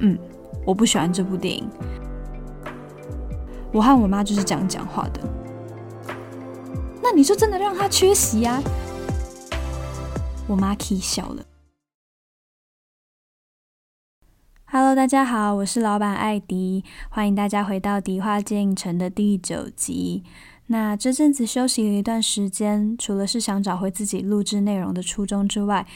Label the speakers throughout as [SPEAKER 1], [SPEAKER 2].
[SPEAKER 1] 嗯，我不喜歡這部電影。我和我媽就是這樣講話的。那你就真的讓她缺席呀、啊？我媽氣笑了。Hello，大家好，我是老闆艾迪，歡迎大家回到迪話街影城的第九集。那這陣子休息了一段時間，除了是想找回自己錄製內容的初衷之外，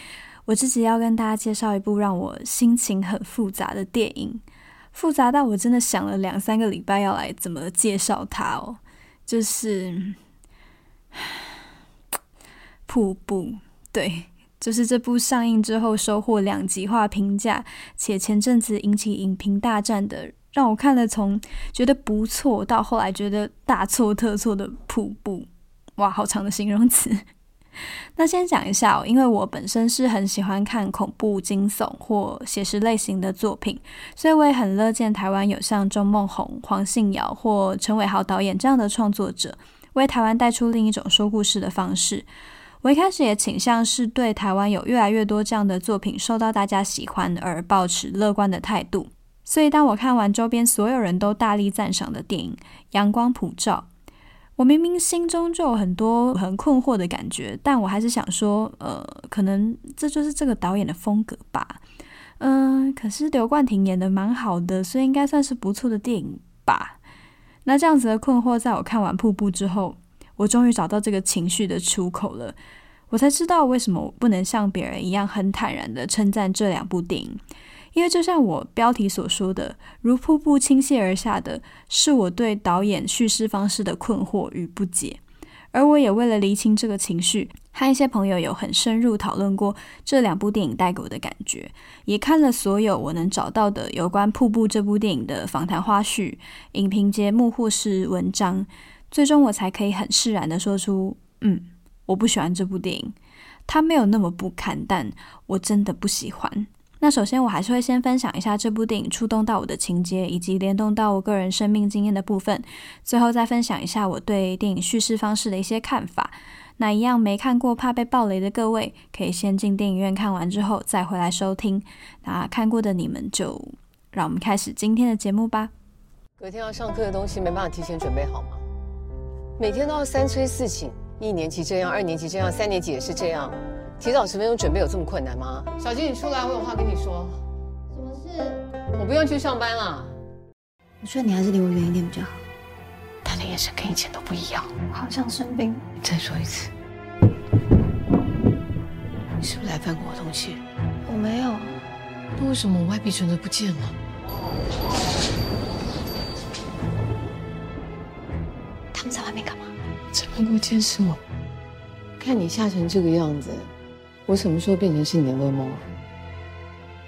[SPEAKER 1] 我自己要跟大家介紹一部讓我心情很複雜的電影，複雜到我真的想了兩三個禮拜要來怎麼介紹它哦，就是《瀑布》，對，就是這部上映之後收穫兩極化評價，且前陣子引起影評大戰的，讓我看了從覺得不錯到後來覺得大錯特錯的《瀑布》，哇，好長的形容詞。那先講一下哦，因為我本身是很喜歡看恐怖、驚悚或寫實類型的作品，所以我也很樂見台灣有像鍾孟宏、黃信堯或陳偉豪導演這樣的創作者，為台灣帶出另一種說故事的方式。我一開始也傾向是對台灣有越來越多這樣的作品受到大家喜歡而抱持樂觀的態度。所以當我看完周邊所有人都大力讚賞的電影《陽光普照》。我明明心中就有很多很困惑的感覺，但我還是想說，呃，可能這就是這個導演的風格吧，嗯、呃，可是劉冠廷演得蠻好的，所以應該算是不錯的電影吧。那這樣子的困惑，在我看完《瀑布》之後，我終於找到這個情緒的出口了，我才知道為什麼我不能像別人一樣很坦然的稱讚這兩部電影。因為就像我標題所說的，如瀑布傾瀉而下的是我對導演敘事方式的困惑與不解，而我也為了釐清這個情緒，和一些朋友有很深入討論過這兩部電影帶給我的感覺，也看了所有我能找到的有關《瀑布》這部電影的訪談花絮、影評節目或是文章，最終我才可以很釋然地說出：嗯，我不喜歡這部電影，它沒有那麼不堪，但我真的不喜歡。那首先我還是會先分享一下這部電影觸動到我的情節，以及聯動到我個人生命經驗的部分，最後再分享一下我對電影敘事方式的一些看法。那一樣沒看過怕被暴雷的各位，可以先進電影院看完之後再回來收聽。那看過的你們就讓我們開始今天的節目吧。
[SPEAKER 2] 隔天要上課的東西沒辦法提前準備好嗎？每天都要三催四請，一年級這樣，二年級這樣，三年級也是這樣。提早十分鐘準備有這麼困難嗎？小靜，你出來，我有話跟你說。什麼事？我不用去上班了。我覺得你還是離我遠一點比較好。他的眼神跟以前都不一樣。好像生病。再說一次， 你是不是來翻過我東西？我沒有。那為什麼我外幣存摺都不見了
[SPEAKER 1] 他們在外面幹嘛？
[SPEAKER 2] 在門口監視我。看你嚇成這個樣子。我什麼時候變成是你的噩夢了，啊？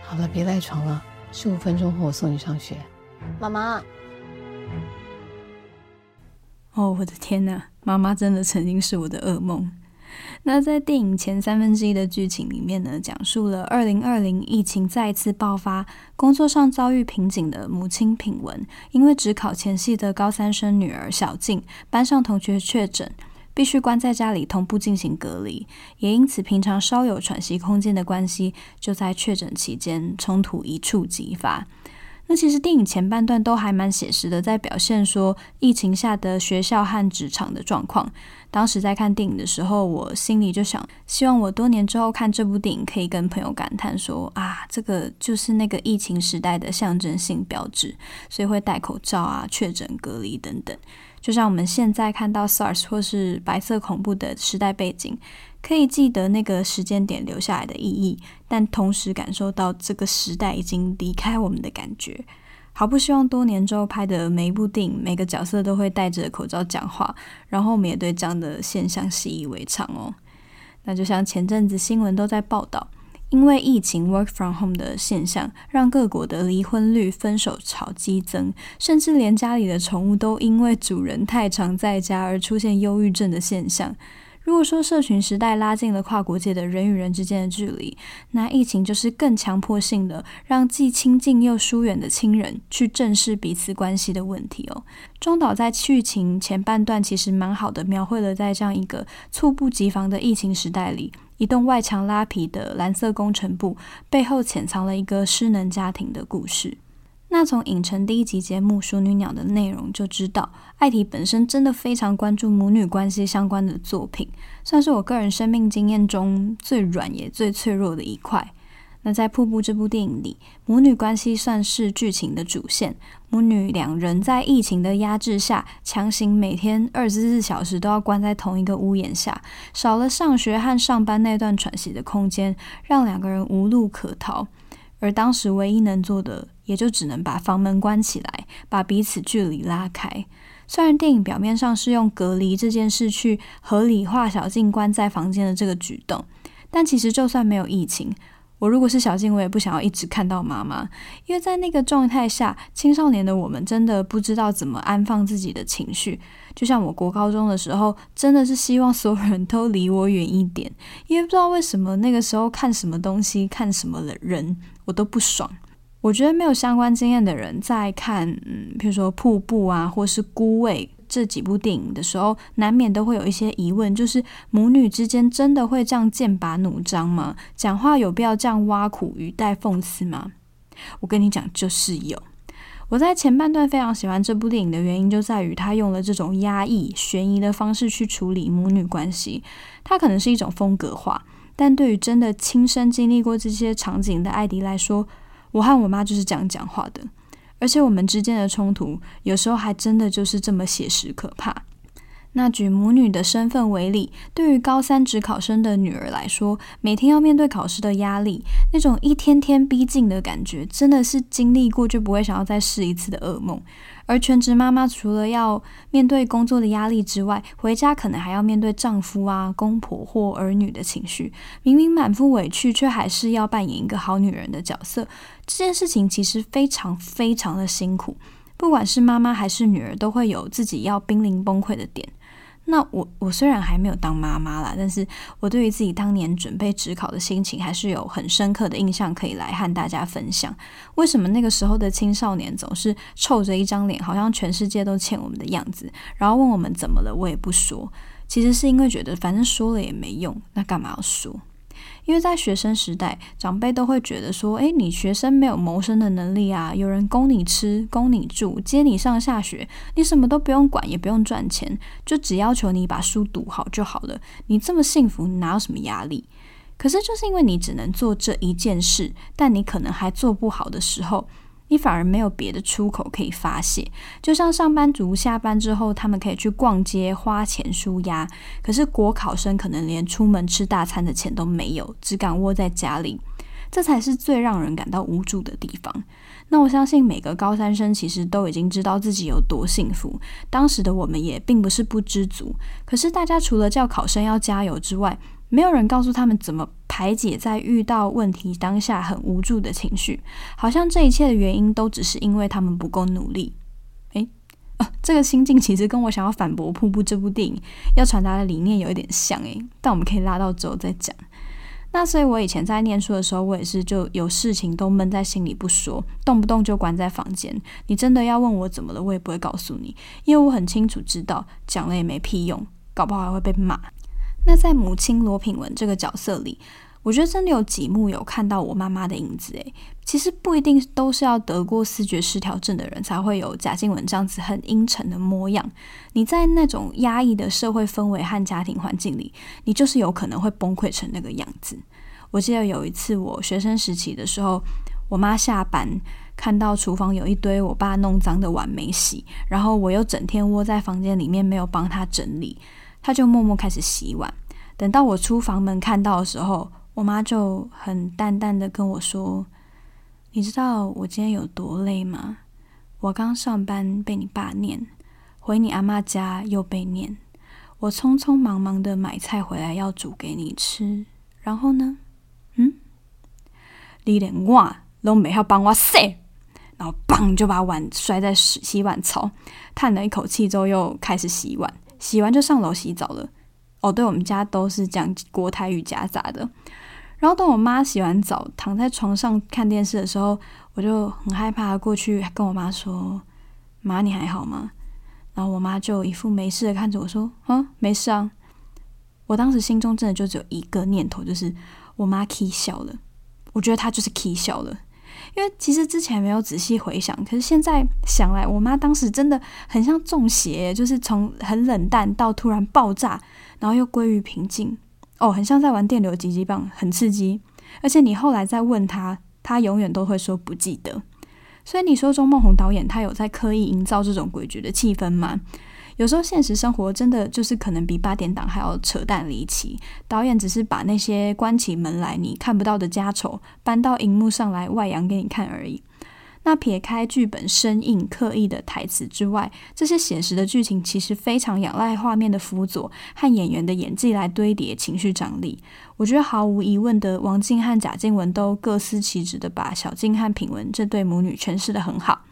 [SPEAKER 2] 好了，別賴床了，十五分鐘後我送你上學。媽媽，哦，我的天哪，媽媽真的
[SPEAKER 1] 曾經是我的噩夢。那在電影前三分之一的劇情裡面呢，講述了二零二零疫情再次爆發，工作上遭遇瓶頸的母親品文，因為只考前夕的高三生女兒小靜，班上同學確診。必須關在家裡，同步進行隔離，也因此平常稍有喘息空間的關係，就在確診期間衝突一觸即發。那其實電影前半段都還蠻寫實的，在表現說疫情下的學校和職場的狀況。當時在看電影的時候，我心裡就想，希望我多年之後看這部電影，可以跟朋友感嘆說：啊，這個就是那個疫情時代的象徵性標誌，所以會戴口罩啊、確診隔離等等。就像我們現在看到 SARS 或是白色恐怖的時代背景，可以記得那個時間點留下來的意義，但同時感受到這個時代已經離開我們的感覺。好不希望多年之後拍的每一部電影，每個角色都會戴着口罩講話，然後我們也對這樣的現象習以為常哦。那就像前陣子新聞都在報道。因為疫情，work from home 的現象讓各國的離婚率、分手潮激增，甚至連家裡的寵物都因為主人太常在家而出現憂鬱症的現象。如果說社群時代拉近了跨國界的人與人之間的距離，那疫情就是更強迫性的，讓既親近又疏遠的親人去正視彼此關係的問題哦。鍾導在劇情前半段其實蠻好的描繪了，在這樣一個猝不及防的疫情時代裡。一棟外牆拉皮的藍色工程布背後，潛藏了一個失能家庭的故事。那從影城第一集節目《淑女鳥》的內容就知道，艾迪本身真的非常關注母女關係相關的作品，算是我個人生命經驗中最軟也最脆弱的一塊。那在《瀑布》這部電影裡，母女關係算是劇情的主線。母女兩人在疫情的壓制下，強行每天二十四小時都要關在同一個屋檐下，少了上學和上班那段喘息的空間，讓兩個人無路可逃。而當時唯一能做的，也就只能把房門關起來，把彼此距離拉開。雖然電影表面上是用隔離這件事去合理化小靜關在房間的這個舉動，但其實就算沒有疫情，我如果是小靜，我也不想要一直看到媽媽，因為在那個狀態下，青少年的我們真的不知道怎麼安放自己的情緒。就像我國高中的時候，真的是希望所有人都離我遠一點，因為不知道為什麼那個時候看什麼東西、看什麼的人，我都不爽。我覺得沒有相關經驗的人在看，嗯，比如說瀑布啊，或是孤味。這幾部電影的時候，難免都會有一些疑問，就是母女之間真的會這樣劍拔弩張嗎？講話有必要這樣挖苦、語帶諷刺嗎？我跟你講，就是有。我在前半段非常喜歡這部電影的原因，就在於它用了這種壓抑、懸疑的方式去處理母女關係。它可能是一種風格化，但對於真的親身經歷過這些場景的艾迪來說，我和我媽就是這樣講話的。而且我們之間的衝突，有時候還真的就是這麼寫實可怕。那舉母女的身份為例，對於高三指考生的女兒來說，每天要面對考試的壓力，那種一天天逼近的感覺，真的是經歷過就不會想要再試一次的噩夢。而全職媽媽除了要面對工作的壓力之外，回家可能還要面對丈夫啊、公婆或兒女的情緒，明明滿腹委屈，卻還是要扮演一個好女人的角色。這件事情其實非常非常的辛苦，不管是媽媽還是女兒，都會有自己要瀕臨崩潰的點。那我我雖然還沒有當媽媽啦，但是我對於自己當年準備指考的心情還是有很深刻的印象，可以來和大家分享。為什麼那個時候的青少年總是臭着一張臉，好像全世界都欠我們的樣子，然後問我們怎麼了，我也不說。其實是因為覺得反正說了也沒用，那幹嘛要說？因為在學生時代，長輩都會覺得說：“誒，你學生沒有謀生的能力啊，有人供你吃、供你住、接你上下學，你什麼都不用管，也不用賺錢，就只要求你把書讀好就好了。你這麼幸福，你哪有什麼壓力？可是，就是因為你只能做這一件事，但你可能還做不好的時候。”你反而沒有別的出口可以發洩，就像上班族下班之後，他們可以去逛街花錢舒壓，可是國考生可能連出門吃大餐的錢都沒有，只敢窩在家裡，這才是最讓人感到無助的地方。那我相信每個高三生其實都已經知道自己有多幸福，當時的我們也並不是不知足，可是大家除了叫考生要加油之外，沒有人告訴他們怎麼排解在遇到問題當下很無助的情緒，好像這一切的原因都只是因為他們不夠努力。誒，啊，這個心境其實跟我想要反駁《瀑布》這部電影要傳達的理念有一點像誒，但我們可以拉到之後再講。那所以，我以前在念書的時候，我也是就有事情都悶在心裡不說，動不動就關在房間。你真的要問我怎麼了，我也不會告訴你，因為我很清楚知道講了也沒屁用，搞不好還會被罵。那在母親羅品文這個角色裡，我覺得真的有幾幕有看到我媽媽的影子哎。其實不一定都是要得過思覺失調症的人才會有賈靜雯這樣子很陰沉的模樣。你在那種壓抑的社會氛圍和家庭環境裡，你就是有可能會崩潰成那個樣子。我記得有一次我學生時期的時候，我媽下班看到廚房有一堆我爸弄髒的碗沒洗，然後我又整天窩在房間裡面沒有幫她整理。他就默默開始洗碗，等到我出房門看到的時候，我媽就很淡淡的跟我說：“你知道我今天有多累嗎？我剛上班被你爸念，回你阿媽家又被念，我匆匆忙忙的買菜回來要煮給你吃，然後呢，嗯，你連碗都沒好幫我洗，然後砰就把碗摔在洗碗槽，嘆了一口氣之後又開始洗碗。”洗完就上樓洗澡了。哦、oh,，對，我們家都是講國台語夾雜的。然後等我媽洗完澡，躺在床上看電視的時候，我就很害怕，過去跟我媽說：“媽，你還好嗎？”然後我媽就一副沒事的看着我說：“啊，沒事啊。”我當時心中真的就只有一個念頭，就是我媽起笑了。我覺得她就是起笑了。因為其實之前沒有仔細回想，可是現在想來，我媽當時真的很像中邪，就是從很冷淡到突然爆炸，然後又歸於平靜，哦，很像在玩電流急急棒，很刺激。而且你後來再問她，她永遠都會說不記得。所以你說鍾孟宏導演他有在刻意營造這種詭譎的氣氛嗎？有時候現實生活真的就是可能比八點檔還要扯淡離奇，導演只是把那些關起門來你看不到的家醜搬到熒幕上來外揚給你看而已。那撇開劇本生硬刻意的台詞之外，這些寫實的劇情其實非常仰賴畫面的輔佐和演員的演技來堆疊情緒張力。我覺得毫無疑問的，王靜和賈靜雯都各司其職的把小靜和品文這對母女詮釋得很好。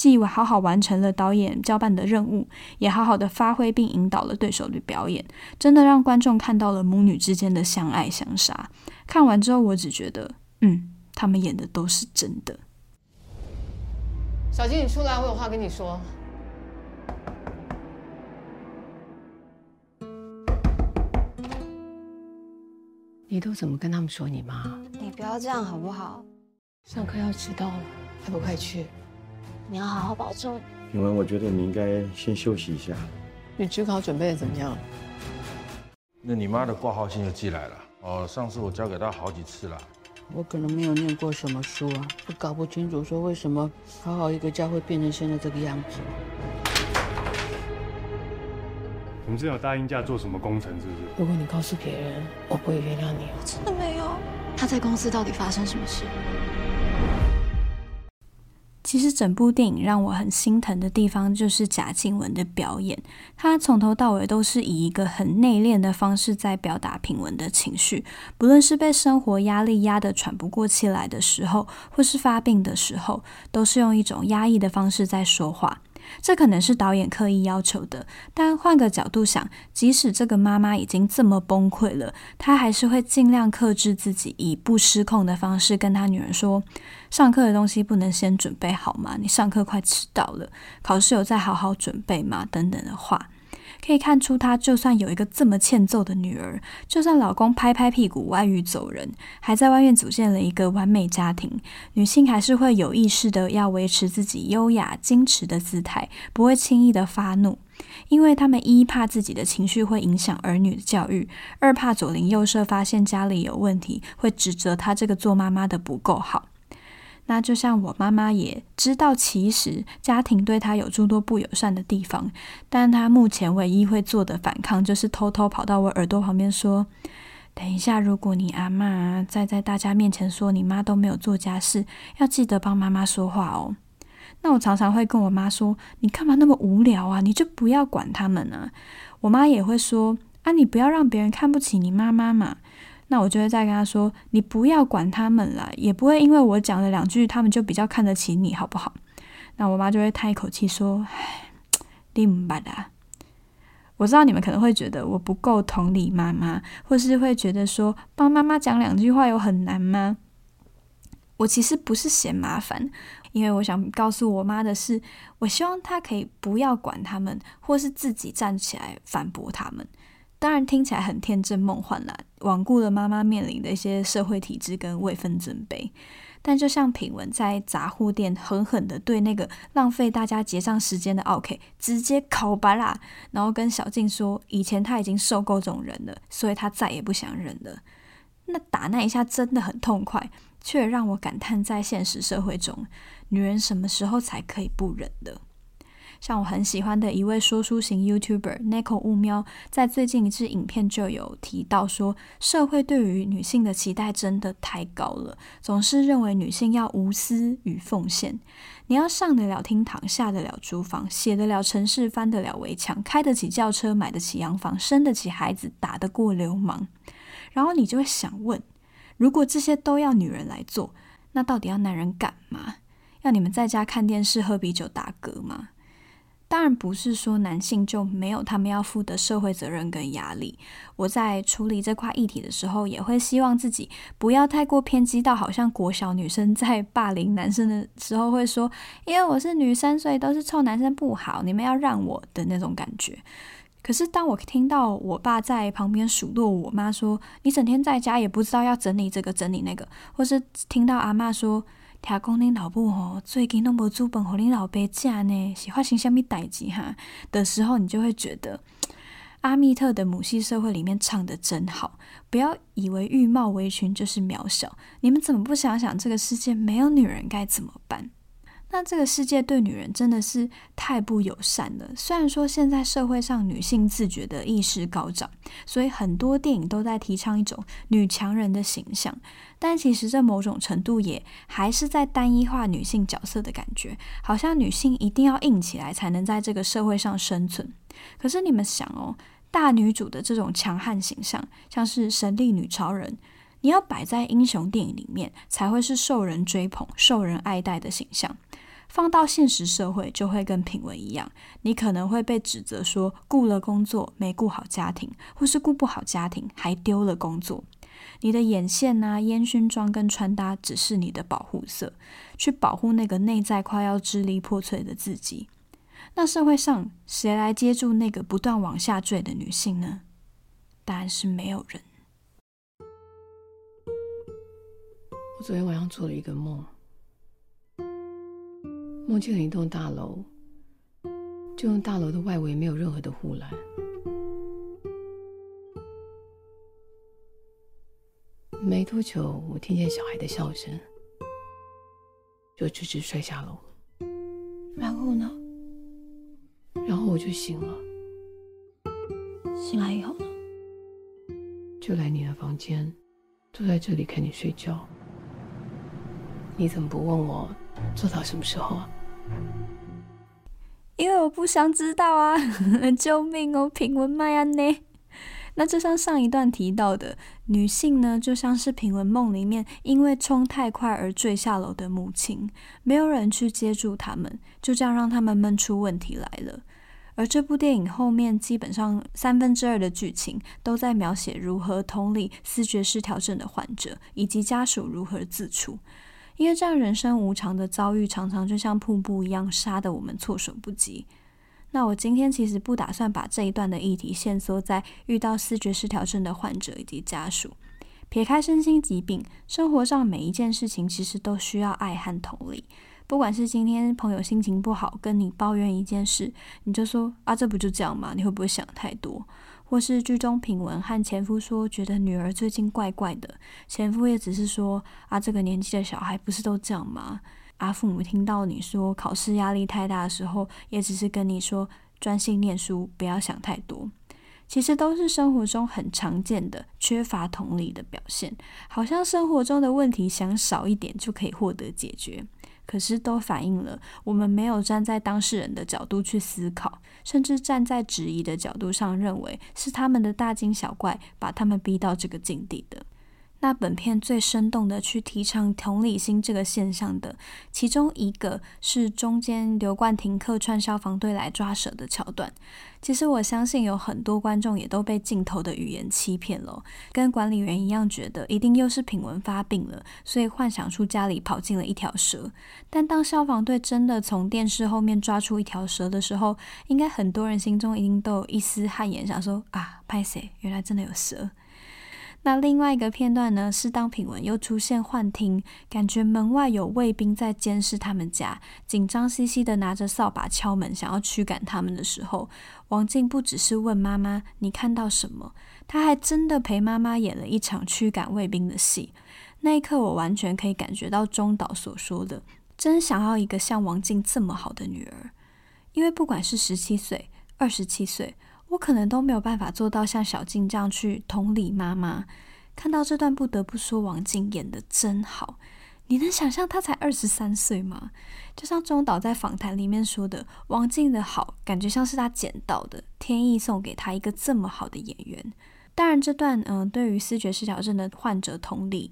[SPEAKER 1] 既我好好完成了導演交辦的任務，也好好的發揮並引導了對手的表演，真的讓觀眾看到了母女之間的相愛相殺。看完之後，我只覺得，嗯，他們演的都是真的。
[SPEAKER 2] 小靜，你出來，我有話跟你說。你都怎麼跟他們說你媽？你不要這樣好不好？上課要遲到了，還不快去。你要好好保重。品文，我覺得你應該先休息一下。你職考準備得怎麼樣？嗯。那你媽的掛號信就寄來了。哦，上次我交給她好幾次了。我可能沒有念過什麼書啊，我搞不清楚說為什麼好好一個家會變成現在這個樣子？你們之前有答應嫁做什麼工程？是不是？如果你告訴別人，我不會原諒你。我真的沒有。他在公司到底發生
[SPEAKER 1] 什麼事？其實整部電影讓我很心疼的地方，就是賈靜雯的表演。她從頭到尾都是以一個很內斂的方式在表達品文的情緒，不論是被生活壓力壓得喘不過氣來的時候，或是發病的時候，都是用一種壓抑的方式在說話。這可能是導演刻意要求的，但換個角度想，即使這個媽媽已經這麼崩潰了，她還是會盡量克制自己，以不失控的方式跟她女兒說：“上課的東西不能先準備好嗎？你上課快遲到了，考試有在好好準備嗎？”等等的話。可以看出，她就算有一個這麼欠揍的女兒，就算老公拍拍屁股外遇走人，還在外面組建了一個完美家庭，女性還是會有意識的要維持自己優雅矜持的姿態，不會輕易的發怒，因為他們一怕自己的情緒會影響兒女的教育，二怕左鄰右舍發現家裡有問題，會指責她這個做媽媽的不夠好。那就像我媽媽也知道，其實家庭對她有諸多不友善的地方，但她目前唯一會做的反抗就是偷偷跑到我耳朵旁邊說：“等一下，如果你阿嬤再在大家面前說你媽都沒有做家事，要記得幫媽媽說話哦。”那我常常會跟我媽說：“你幹嘛那麼無聊啊？你就不要管他們呢、啊。”我媽也會說：“啊，你不要讓別人看不起你媽媽嘛。”那我就會再跟他說：“你不要管他們了，也不會因為我講了兩句，他們就比較看得起你，好不好？”那我媽就會嘆一口氣說：“哎，你明白啊！”我知道你們可能會覺得我不夠同理媽媽，或是會覺得說幫媽媽講兩句話有很難嗎？我其實不是嫌麻煩，因為我想告訴我媽的是，我希望她可以不要管他們，或是自己站起來反駁他們。當然聽起來很天真夢幻啦，罔顧了媽媽面臨的一些社會體制跟位分尊卑。但就像品文在雜貨店狠狠的對那個浪費大家結賬時間的奧客直接靠北啦，然後跟小靜說，以前她已經受夠這種人了，所以她再也不想忍了。那打那一下真的很痛快，卻讓我感嘆在現實社會中，女人什麼時候才可以不忍的？像我很喜歡的一位說書型 YouTuber Neko 嗚喵，在最近一支影片就有提到說，社會對於女性的期待真的太高了，總是認為女性要無私與奉獻，你要上得了廳堂，下得了廚房，寫得了程式，翻得了圍牆，開得起轎車，買得起洋房，生得起孩子，打得過流氓。然後你就會想問：如果這些都要女人來做，那到底要男人幹嘛？要你們在家看電視、喝啤酒、打嗝嗎？當然不是說男性就沒有他們要負的社會責任跟壓力。我在處理這塊議題的時候，也會希望自己不要太過偏激到好像國小女生在霸凌男生的時候會說，因為我是女生，所以都是臭男生不好，你們要讓我的那種感覺。可是當我聽到我爸在旁邊數落我媽說，你整天在家也不知道要整理這個整理那個，或是聽到阿嬤說，聽講你老母吼，最近攏無資本和你老爸爭呢，是發生啥物代志哈？的時候，你就會覺得阿密特的母系社會裡面唱的真好。不要以為浴帽圍裙就是渺小，你們怎麼不想想這個世界沒有女人該怎麼辦？那這個世界對女人真的是太不友善了。雖然說現在社會上女性自覺的意識高漲，所以很多電影都在提倡一種女強人的形象，但其實這某種程度也還是在單一化女性角色的感覺，好像女性一定要硬起來才能在這個社會上生存。可是你們想哦，大女主的這種強悍形象，像是神力女超人，你要擺在英雄電影裡面，才會是受人追捧、受人愛戴的形象。放到現實社會就會跟品味一樣，你可能會被指責說顧了工作沒顧好家庭，或是顧不好家庭還丟了工作。你的眼線啊、煙燻妝跟穿搭只是你的保護色，去保護那個內在快要支離破碎的自己。那社會上誰來接住那個不斷往下墜的女性呢？
[SPEAKER 2] 答案是沒有人。我昨天晚上做了一個夢。夢見了一棟大樓，這棟大樓的外圍沒有任何的護欄。沒多久，我聽見小孩的笑聲，就直直摔下樓。然後呢？然後我就醒了。醒來以後呢？就來你的房間，坐在這裡看你睡覺。你怎麼不問我？做到什麼時候
[SPEAKER 1] 啊？因為我不想知道啊！呵呵救命哦，平文邁安呢？那就像上一段提到的，女性呢，就像是平文夢裡面因為衝太快而墜下樓的母親，沒有人去接住他們，就這樣讓他們悶出問題來了。而這部電影後面基本上三分之二的劇情都在描寫如何同理思覺失調症的患者以及家屬如何自處。因為這樣，人生無常的遭遇常常就像瀑布一樣，殺得我們措手不及。那我今天其實不打算把這一段的議題限縮在遇到思覺失調症的患者以及家屬。撇開身心疾病，生活上每一件事情其實都需要愛和同理。不管是今天朋友心情不好跟你抱怨一件事，你就說啊，這不就這樣嗎？你會不會想太多？或是劇中品文和前夫說，覺得女兒最近怪怪的，前夫也只是說：“啊，這個年紀的小孩不是都這樣嗎？”啊，父母聽到你說考試壓力太大的時候，也只是跟你說專心念書，不要想太多。其實都是生活中很常見的缺乏同理的表現，好像生活中的問題想少一點就可以獲得解決。可是，都反映了我們沒有站在當事人的角度去思考，甚至站在質疑的角度上，認為是他們的大驚小怪把他們逼到這個境地的。那本片最生動的去提倡同理心這個現象的，其中一個是中間劉冠廷客串消防隊來抓蛇的橋段。其實我相信有很多觀眾也都被鏡頭的語言欺騙了，跟管理員一樣，覺得一定又是品文發病了，所以幻想出家裡跑進了一條蛇。但當消防隊真的從電視後面抓出一條蛇的時候，應該很多人心中已經都有一絲汗顏，想說啊，拍謝，原來真的有蛇。那另外一個片段呢？是當品文又出現幻聽，感覺門外有衛兵在監視他們家，緊張兮兮的拿着掃把敲門，想要驅趕他們的時候，王靜不只是問媽媽你看到什麼，她還真的陪媽媽演了一場驅趕衛兵的戲。那一刻，我完全可以感覺到鍾導所說的，真想要一個像王靜這麼好的女兒，因為不管是十七歲、二十七歲。我可能都沒有辦法做到像小靜這樣去同理媽媽。看到這段，不得不說王淨演得真好。你能想象她才二十三歲嗎？就像鍾導在訪談裡面說的，王淨的好感覺像是他撿到的，天意送給他一個這麼好的演員。當然，這段嗯、呃，對於思覺失調症的患者同理，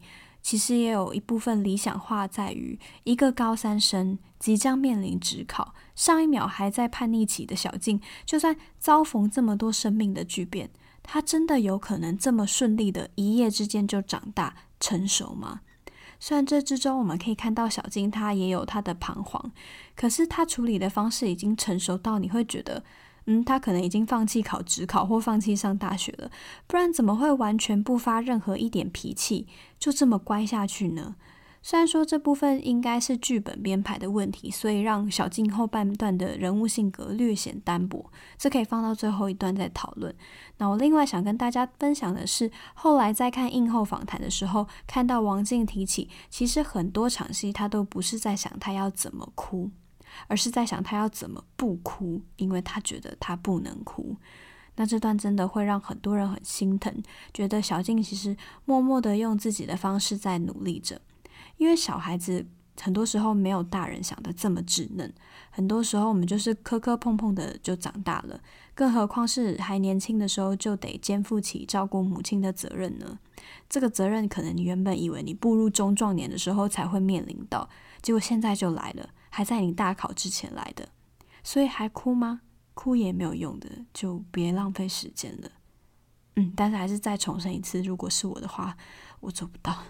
[SPEAKER 1] 其實也有一部分理想化在於，一個高三生即將面臨指考，上一秒還在叛逆期的小靜，就算遭逢這麼多生命的巨變，他真的有可能這麼順利的，一夜之間就長大成熟嗎？雖然這之中我們可以看到小靜她也有她的彷徨，可是她處理的方式已經成熟到你會覺得，嗯，他可能已經放棄考指考或放棄上大學了，不然怎麼會完全不發任何一點脾氣？就這麼乖下去呢？雖然說這部分應該是劇本編排的問題，所以讓小靜後半段的人物性格略顯單薄，這可以放到最後一段再討論。那我另外想跟大家分享的是，後來在看映後訪談的時候，看到王淨提起，其實很多場戲她都不是在想她要怎麼哭，而是在想她要怎麼不哭，因為她覺得她不能哭。那這段真的會讓很多人很心疼，覺得小靜其實默默地用自己的方式在努力着。因為小孩子很多時候沒有大人想的這麼稚嫩，很多時候我們就是磕磕碰碰的就長大了，更何況是還年輕的時候就得肩負起照顧母親的責任呢？這個責任可能你原本以為你步入中壯年的時候才會面臨到，結果現在就來了，還在你大考之前來的。所以還哭嗎？哭也沒有用的，就別浪費時間了。嗯，但是還是再重申一次，如果是我的話，我做不到。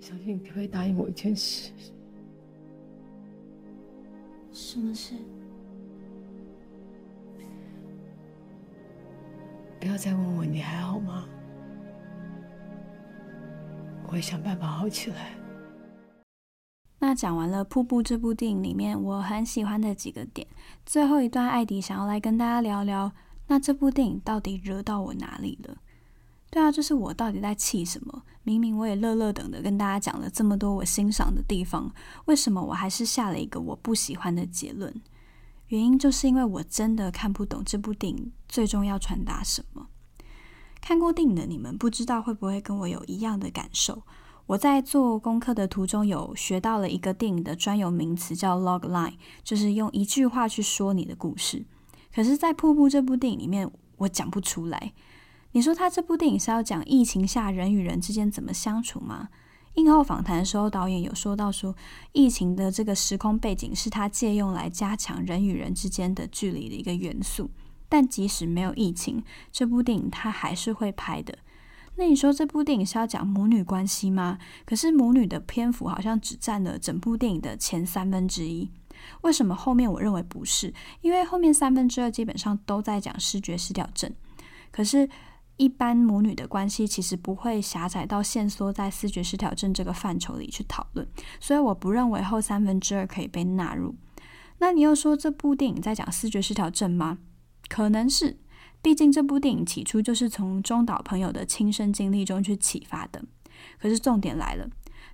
[SPEAKER 1] 相 信
[SPEAKER 2] 你可不可以答應我一件事，什麼事？不要再問我你還好嗎？我會想辦法好起來。
[SPEAKER 1] 那講完了《瀑布》這部電影裡面我很喜歡的幾個點，最後一段，艾迪想要來跟大家聊聊，那這部電影到底惹到我哪裡了？對啊，就是我到底在氣什麼？明明我也落落長地跟大家講了這麼多我欣賞的地方，為什麼我還是下了一個我不喜歡的結論？原因就是因為我真的看不懂這部電影最終要傳達什麼。看過電影的你們不知道會不會跟我有一樣的感受？我在做功課的途中，有學到了一個電影的專有名詞，叫 logline，就是用一句話去說你的故事。可是，在《瀑布》這部電影裡面，我講不出來。你說他這部電影是要講疫情下人與人之間怎麼相處嗎？映後訪談的時候，導演有說到說，說疫情的這個時空背景是他借用來加強人與人之間的距離的一個元素。但即使沒有疫情，這部電影他還是會拍的。那你說這部電影是要講母女關係嗎？可是母女的篇幅好像只占了整部電影的前三分之一，為什麼後面我認為不是？因為後面三分之二基本上都在講思覺失調症，可是，一般母女的關係其實不會狹窄到限縮在思覺失調症這個範疇裡去討論，所以我不認為後三分之二可以被納入。那你又說這部電影在講思覺失調症嗎？可能是。畢竟這部電影起初就是從鍾導朋友的親身經歷中去啟發的，可是重點來了，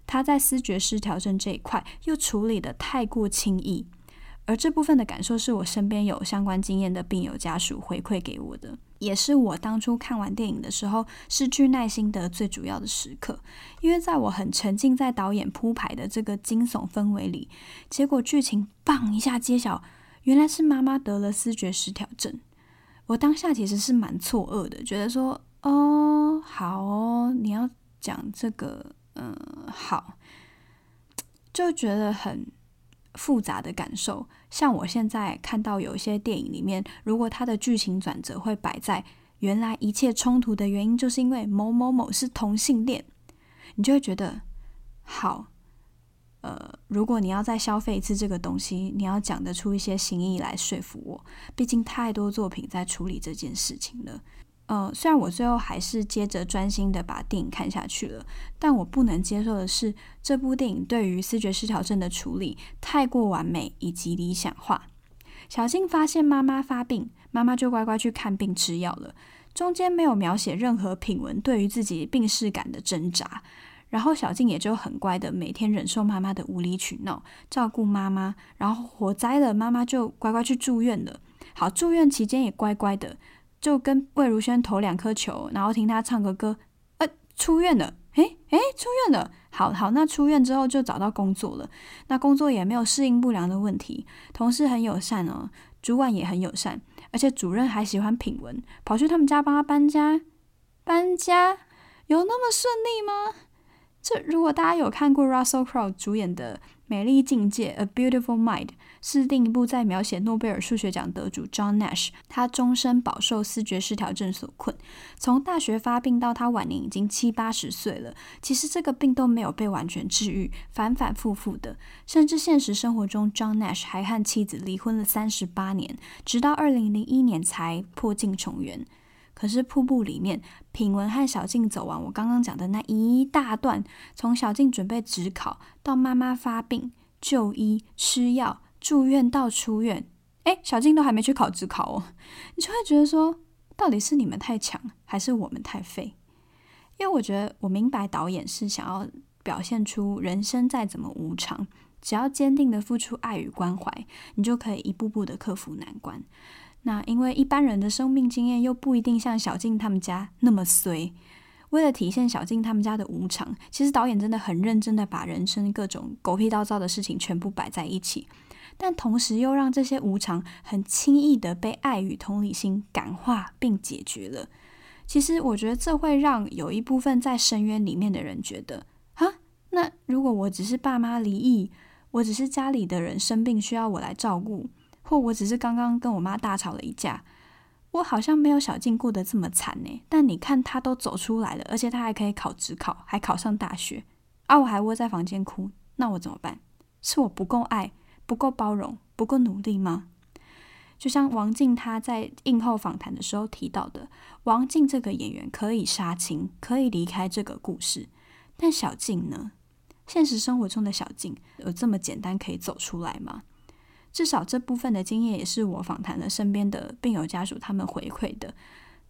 [SPEAKER 1] 他在思覺失調症這一塊又處理得太過輕易，而這部分的感受是我身邊有相關經驗的病友家屬回饋給我的，也是我當初看完電影的時候失去耐心的最主要的時刻，因為在我很沉浸在導演鋪排的這個驚悚氛圍裡，結果劇情棒一下揭曉，原來是媽媽得了思覺失調症。我當下其實是蠻錯愕的，覺得說哦，好哦，你要講這個，嗯、呃，好，就覺得很複雜的感受。像我現在看到有一些電影裡面，如果他的劇情轉折會擺在原來一切衝突的原因就是因為某某某是同性戀，你就會覺得好。呃，如果你要再消費一次這個東西，你要講得出一些新意來說服我。畢竟太多作品在處理這件事情了。呃，雖然我最後還是接着專心地把電影看下去了，但我不能接受的是，這部電影對於思覺失調症的處理太過完美以及理想化。小靜發現媽媽發病，媽媽就乖乖去看病吃藥了，中間沒有描寫任何品文對於自己病識感的掙扎。然後小靜也就很乖的，每天忍受媽媽的無理取鬧，照顧媽媽。然後火災了，媽媽就乖乖去住院了。好，住院期間也乖乖的，就跟魏如萱投兩顆球，然後聽她唱個歌。呃、欸，出院了，哎、欸、哎、欸，出院了。好好，那出院之後就找到工作了。那工作也沒有適應不良的問題，同事很友善哦，主管也很友善，而且主任還喜歡品文，跑去他們家幫他搬家。搬家有那麼順利嗎？這如果大家有看過 Russell Crowe 主演的《美麗境界》A Beautiful Mind，是另一部在描寫諾貝爾數學獎得主 John Nash，他終身飽受思覺失調症所困，從大學發病到他晚年已經七八十歲了，其實這個病都沒有被完全治癒，反反復復的，甚至現實生活中 John Nash 還和妻子離婚了三十八年，直到二零零一年才破鏡重圓。可是瀑布裡面，品文和小靜走完我剛剛講的那一大段，從小靜準備指考到媽媽發病、就醫、吃藥、住院到出院，哎、欸，小靜都還沒去考指考哦，你就會覺得說，到底是你們太強，還是我們太廢？因為我覺得我明白導演是想要表現出人生再怎麼無常，只要堅定的付出愛與關懷，你就可以一步步的克服難關。那因為一般人的生命經驗又不一定像小靜他們家那麼衰，為了體現小靜他們家的無常，其實導演真的很認真的把人生各種狗屁倒灶的事情全部擺在一起，但同時又讓這些無常很輕易的被愛與同理心感化並解決了。其實我覺得這會讓有一部分在深淵裡面的人覺得，哈、啊，那如果我只是爸媽離異，我只是家裡的人生病需要我來照顧。或我只是剛剛跟我媽大吵了一架，我好像沒有小靜過得這麼慘呢。但你看他都走出來了，而且他還可以考職考，還考上大學，而、啊、我還窩在房間哭，那我怎麼辦？是我不夠愛、不夠包容、不夠努力嗎？就像王靜她在映後訪談的時候提到的，王靜這個演員可以殺青，可以離開這個故事，但小靜呢？現實生活中的小靜有這麼簡單可以走出來嗎？至少這部分的經驗也是我訪談了身邊的病友家屬，他們回饋的，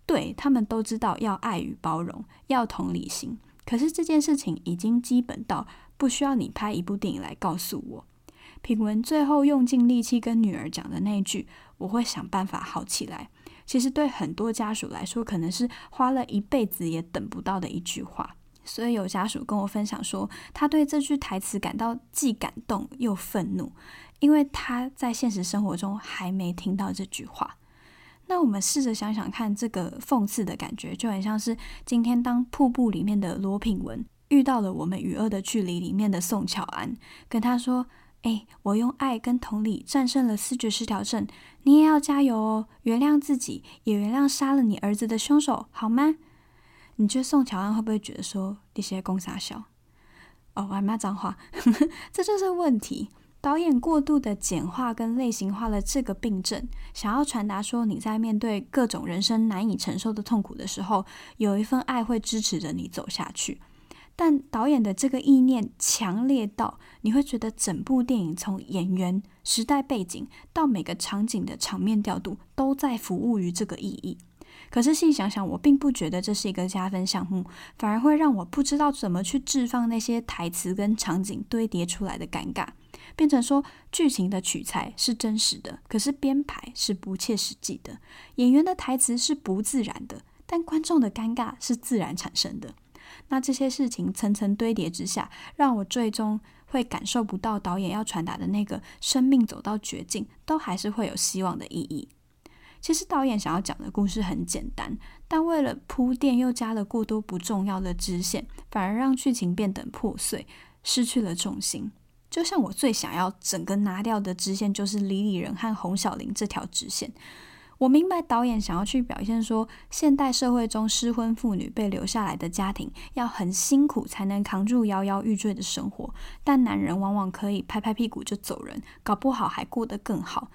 [SPEAKER 1] 對他們都知道要愛與包容，要同理心。可是這件事情已經基本到不需要你拍一部電影來告訴我。品文最後用盡力氣跟女兒講的那句：“我會想辦法好起來。”其實對很多家屬來說，可能是花了一輩子也等不到的一句話。所以有家屬跟我分享說，他對這句台詞感到既感動又憤怒，因為他在現實生活中還沒聽到這句話。那我們試着想想看，這個諷刺的感覺就很像是今天當《瀑布》裡面的羅品文遇到了《我們與惡的距離》裡面的宋喬安，跟他說：“哎、欸，我用愛跟同理戰勝了思覺失調症，你也要加油哦，原諒自己，也原諒殺了你兒子的凶手，好嗎？”你覺得宋喬安會不會覺得說那些公三小、oh, 笑？哦，我還罵髒話，這就是問題。導演過度的簡化跟類型化了這個病症，想要傳達說你在面對各種人生難以承受的痛苦的時候，有一份愛會支持着你走下去。但導演的這個意念強烈到，你會覺得整部電影從演員、時代背景到每個場景的場面調度，都在服務於這個意義。可是細想想，我並不覺得這是一個加分項目，反而會讓我不知道怎麼去釋放那些台詞跟場景堆疊出來的尷尬，變成說劇情的取材是真實的，可是編排是不切實際的，演員的台詞是不自然的，但觀眾的尷尬是自然產生的。那這些事情層層堆疊之下，讓我最終會感受不到導演要傳達的那個生命走到絕境都還是會有希望的意義。其實導演想要講的故事很簡單，但為了鋪墊又加了過多不重要的支線，反而讓劇情變得破碎，失去了重心。就像我最想要整個拿掉的支線就是李李仁和洪小鈴這條支線。我明白導演想要去表現說，現代社會中失婚婦女被留下來的家庭要很辛苦才能扛住搖搖欲墜的生活，但男人往往可以拍拍屁股就走人，搞不好還過得更好。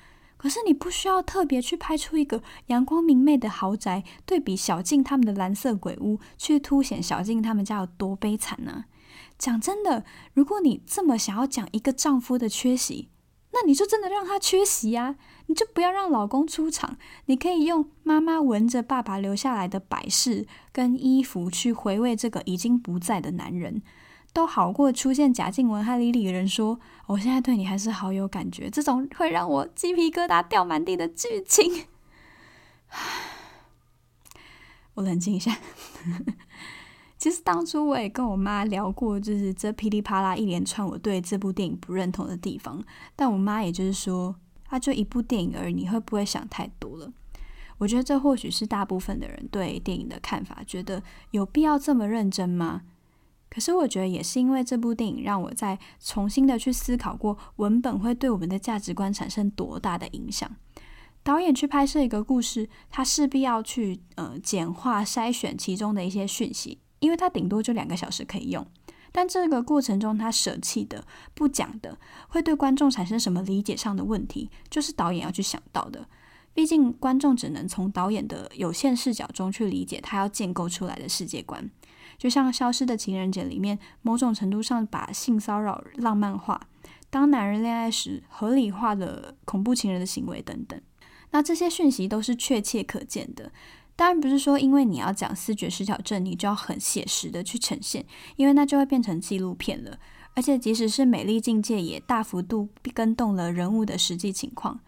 [SPEAKER 1] 可是你不需要特別去拍出一個陽光明媚的豪宅，對比小靜他們的藍色鬼屋，去凸顯小靜他們家有多悲慘呢？講真的，如果你這麼想要講一個丈夫的缺席，那你就真的讓他缺席呀！你就不要讓老公出場，你可以用媽媽聞着爸爸留下來的擺飾跟衣服去回味這個已經不在的男人。都好過出現賈靜雯和李李仁說：“我、哦、現在對你還是好有感覺。”這種會讓我雞皮疙瘩掉滿地的劇情，我冷靜一下。 其實當初我也跟我媽聊過，就是這噼里啪啦一連串我對這部電影不認同的地方。但我媽也就是說，啊，就一部電影而已，你會不會想太多了？我覺得這或許是大部分的人對電影的看法，覺得有必要這麼認真嗎？可是我覺得也是因為這部電影，讓我再重新的去思考過文本會對我們的價值觀產生多大的影響。導演去拍攝一個故事，他勢必要去呃簡化篩選其中的一些訊息，因為他頂多就兩個小時可以用。但這個過程中，他舍棄的、不講的，會對觀眾產生什麼理解上的問題，就是導演要去想到的。畢竟觀眾只能從導演的有限視角中去理解他要建構出來的世界觀。就像《消失的情人節》裡面，某種程度上把性騷擾浪漫化，當男人戀愛時合理化的恐怖情人的行為等等，那這些訊息都是確切可見的。當然不是說因為你要講思覺失調症，你就要很寫實的去呈現，因為那就會變成紀錄片了。而且即使是《美麗境界》也大幅度更動了人物的實際情況。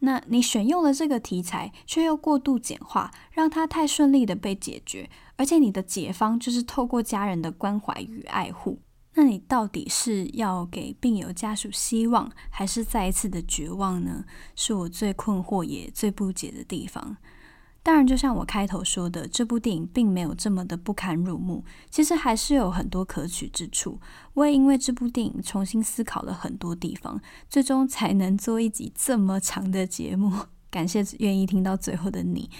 [SPEAKER 1] 那你選用了這個題材，卻又過度簡化，讓它太順利的被解決。而且你的解方就是透過家人的關懷與愛護。那你到底是要給病友家屬希望，還是再一次的絕望呢？是我最困惑也最不解的地方。當然，就像我開頭說的，這部電影並沒有這麼的不堪入目，其實還是有很多可取之處。我也因為這部電影重新思考了很多地方，最終才能做一集這麼長的節目。感謝願意聽到最後的你。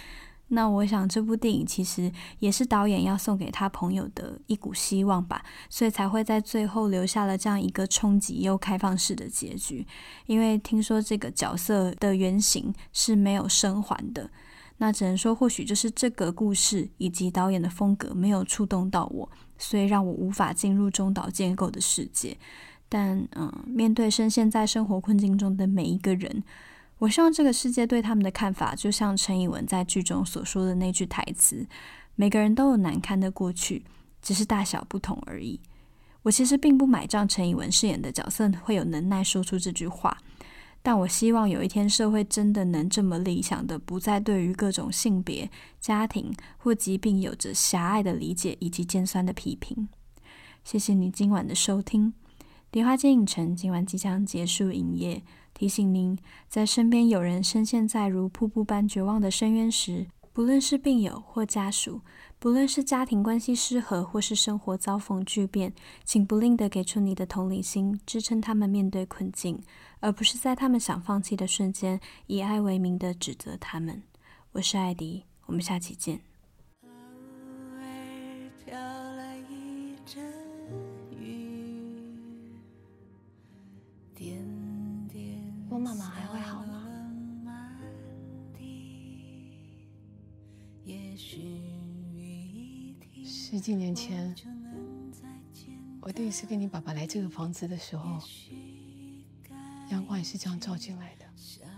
[SPEAKER 1] 那我想，這部電影其實也是導演要送給他朋友的一股希望吧，所以才會在最後留下了這樣一個衝擊又開放式的結局。因為聽說這個角色的原型是沒有生還的，那只能說或許就是這個故事以及導演的風格沒有觸動到我，所以讓我無法進入中島建構的世界。但嗯，面對深陷在生活困境中的每一個人，我希望這個世界對他們的看法，就像陳以文在劇中所說的那句台詞：“每個人都有難堪的過去，只是大小不同而已。”我其實並不買賬，陳以文飾演的角色會有能耐說出這句話。但我希望有一天社會真的能這麼理想的，不再對於各種性別、家庭或疾病有着狹隘的理解以及尖酸的批評。謝謝你今晚的收聽，迪話街影城今晚即將結束營業。提醒您，在身邊有人深陷在如瀑布般絕望的深淵時，不論是病友或家屬，不論是家庭關係失和或是生活遭逢巨變，請不吝的給出你的同理心，支撐他們面對困境，而不是在他們想放棄的瞬間，以愛為名的指責他們。我是艾迪，我們下期見。
[SPEAKER 2] 媽媽還會好嗎？十幾年前，我第一次跟你爸爸來這個房子的時候，陽光也是這樣照進來的。